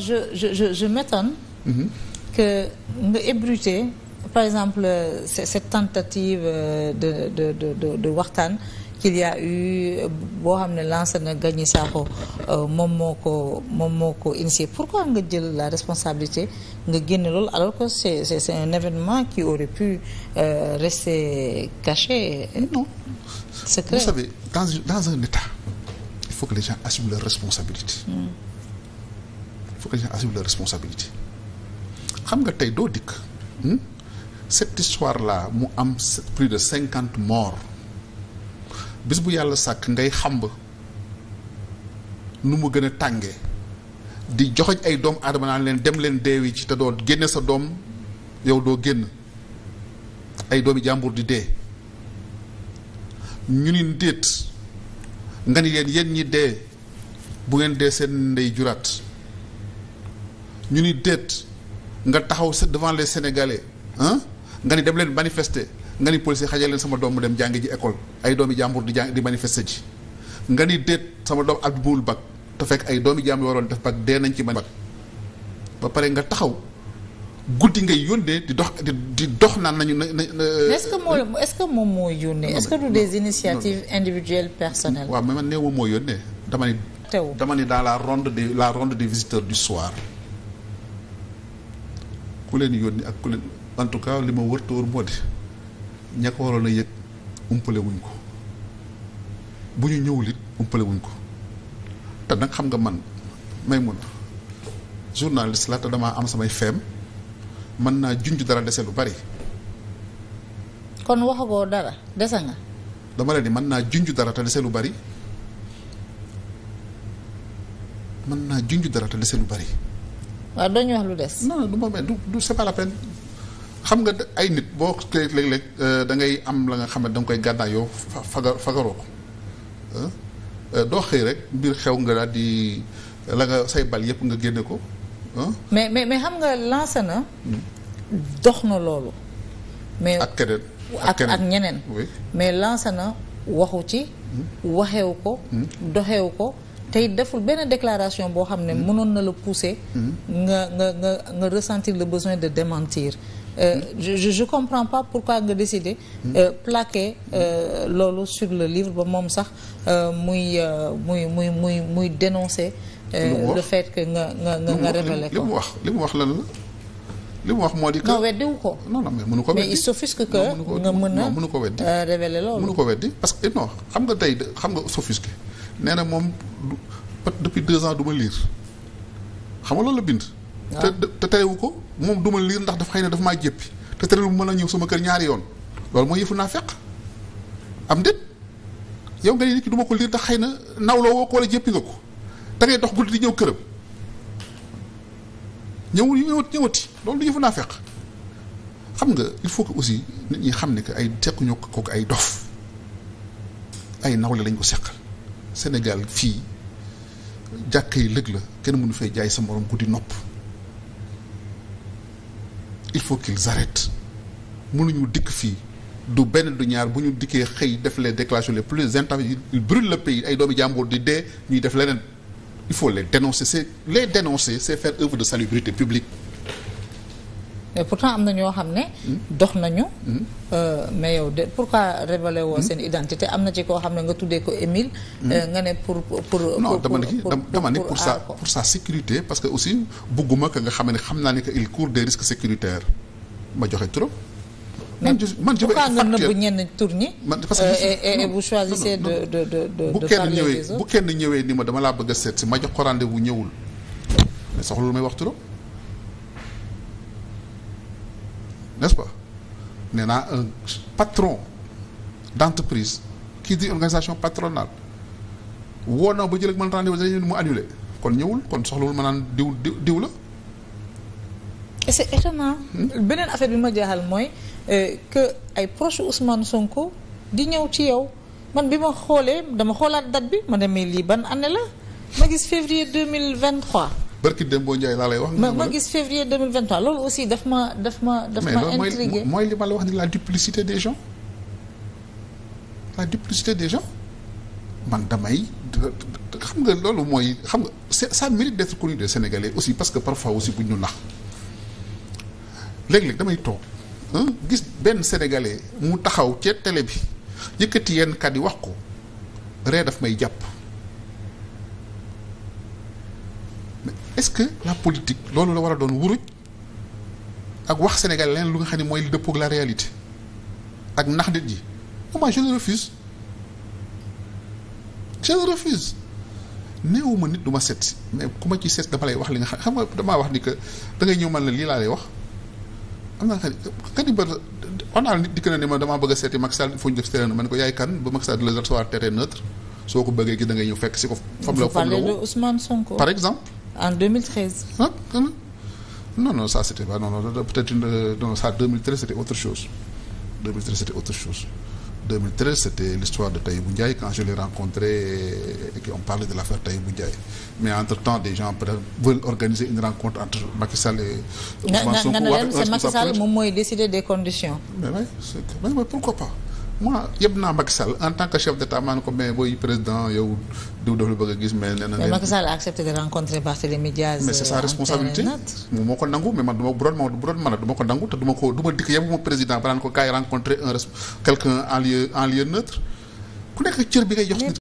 je je je, je m'étonne mm -hmm. que nga ébruter par exemple euh, cette tentative euh, de de de de, de waxtaan qu'il y a eu boo xam ne lancé na Gagny Sakho euh, moom moo ko moom moo ko initié pourquoi nga jël la responsabilité nga génn loolu alors que c'est c'est c'est un événement qui aurait pu euh, rester caché non secret dans un état il faut que les gens assument leurs responsabilités mm. faut que les gens xam nga tey doo dikk hmm? cette histoire là mu am plus de cinquante morts bis bu yàlla sàkk ngay xamb nu mu gën a tànge di joxoñ ay doom aadama naan leen dem leen deewi ci te doo génne sa doom yow doo génn ay doomi jàmbur di dee ñu ni ndéet nga ni leen yéen ñi dee bu ngeen dee seen ndey juraat ñu ni déet nga taxaw sa devant les sénégalais ah nga ni dem leen manifeste nga ni policier xajal leen sama doom mu dem jàngi ji école ay doomi jàmbur di jàng di manifester ji nga ni déet sama doom ab buul bac te fekk ay doomi jàmbur waroon def bac dee nañ ci man ba pare nga taxaw guddi ngay yónnee di dox di dox naan nañu na na. est-ce moom moo yónnee. est-ce que du des initiatives individuelles personnelles. waaw mais man néew moom moo yónnee dama ni. dama ni dans la ronde des la ronde des visiteurs du soir. ku leen yónni ak ku leen en tout cas li ma wër te wër moo di ña ko a yëg umpale wuñ ko bu ñu ñëwul it umpale wuñ ko te nag xam nga man may mun journaliste la te damaa am samay feem mën naa junj dara dese lu bari. kon waxagoo dara dese nga. dama leen di mën naa junj dara te dese lu bari mën naa junj dara te dese lu bari. waaw doo wax lu des. non du ma du du c'est pas xam nga ay nit boo koy léeg-léeg euh, da ngay am la nga xam ne da koy gànnaayoo fagar fagaroo ko euh, doo xëy rek mbir xew nga daal di la nga say bal yëpp nga génne ko. mais mais mais xam nga lancé na. dox na loolu. mais ak keneen ak ñeneen. mais lancé na waxu ci. Hmm. waxewu ko. Hmm. doxewu ko. tey deful benn déclaration boo xam ne hmm. mënoon na la pousser hmm. nga nga nga nga ressentir le besoin de démentir Euh, hmm. je je comprends pas pourquoi nga décider euh, plaquer euh, loolu sur le livre ba moom sax euh, muy euh, muy muy muy muy dénoncer le fait que nga nga nga révélé ko li mu wax li mu wax lan la li mu wax moo di que non weddiwu ko non non mais mënu ko weddi mais il mën a mënu ko weddi révélé loolu mënu ko weddi parce que non xam nga tey xam nga s'offusque nee na moom depuis deux ans du ma liir xam nga loolu la bind. Ah. te terewu ko moom du ma liir ndax dafa xëy ne dafa maa jéppi te terewu mën a ñëw sama kër ñaari yoon loolu mooy yëfu naa feq am déet yow nga ne nit ki du ma ko liir ndax xëy na nawloo woo ko wala jéppi nga ko da ngay dox guddi di ñëw këram ñëwul ñëwati ñëwati loolu du yëfu naa feq xam nga il faut que aussi nit ñi xam ne que ay sequñu ko kooku ay dof ay nawle lañ ko seqal. Sénégal fii jàkk yi lëg la kenn mënu fay jaay sa morom ku di nopp il faut qu'ils arrêtent mënuñu dikk fii du benn du ñaar bu ñu dikkee xëy def les déclarations les plus intempestives ils brûlent le pays ay doomi jàmbur di dee ñuy def leneen il faut les dénoncer c'est les dénoncer c'est faire œuvre de salubrité publique mais pourtant am na ñoo xam ne. dox nañu. Euh, mais yow de pourquoi révélé woo seen identité am na ci koo xam ne nga tuddee ko Émile. Euh, nga ne pour pour pour. non dama ni dama ni pour sa ah, pour sa sécurité parce que aussi bëgguma que nga xam ne xam naa ne que il court des risques sécuritaires ma joxe trop. man man je vais être factuel nga nëbb ñenn tur ñi. man parce que euh, et et vous choisissez de de de bu kenn ñëwee ni ma dama laa bëgg seet si ma jox ko rendez-vous ñëwul mais soxla lu may wax trop. n'est-ce pas nee naa un patron d'entreprise qui dit organisation patronale woo na ba jël ak man rendez-vous mu annulé kon ñëwul kon soxlawul ma naan diw diw la. et c'est étonnant. beneen affaire bi ma jaaxal mooy euh, que ay proche Ousmane Sonko di ñëw ci yow man bi ma xoolee dama xoolaat date bi ma demee lii ban année la ma gis février vingt-trois barki Dembo Ndiaye laa lay wax. ma ma gis février loolu aussi daf ma daf ma daf ma intrigué mooy li ma la wax ni la duplicité des gens la duplicité des gens man damay xam nga loolu mooy xam nga ça mérite d'être connu des Sénégalais aussi parce que parfois aussi bu ñu nax léeg-léeg damay toog gis benn Sénégalais mu taxaw ci télé bi yëkkati yenn kàddu yi wax ko ree daf may jàpp. est-ce que la politique loolu la war a doon wuruj ak wax Sénégal leneen lu nga xam ne mooy li dëppoog la réalité ak nax nit ñi moi je le refuse je le refuse néewuma nit du ma set mais ku ma ci set dama lay wax li nga xam nga damaa wax ni que da ngay ñëw man la lii laa lay wax am naa xam ne ba wax naa nit di que ne ma damaa bëgg a seeti Macky Sall foo si def terrain ma ne ko yaay kan ba Macky Sall di la recevoir terrain neutre soo ko bëggee gis par exemple. en 2013. ah non non non ça c'était pas non non peut-être une euh, non ça c'était autre chose c'était autre chose. c'était l'histoire de Taïbou Ndiaye quand je l'ai rencontré et qu'on de l'affaire Taïbou Ndiaye mais entre-temps des gens peut-être veulent organiser une rencontre entre Macky et Ousmane Sonko. nga décider des conditions. mais mais pourquoi pas. moi yëpp naa Macky Sall en tant que chef d'état maa ne ko mais booy président yow diw daf la bëgg a gis mais mais c'est sa euh, responsabilité moom moo ko nangu mais man du ma man a du ko nangu te du ma ko du ma dikk yebuma président ba naan ko kaay rencontrer un quelqu'un en lieu en lieu neutre ku nekk cër bi ngay jox nit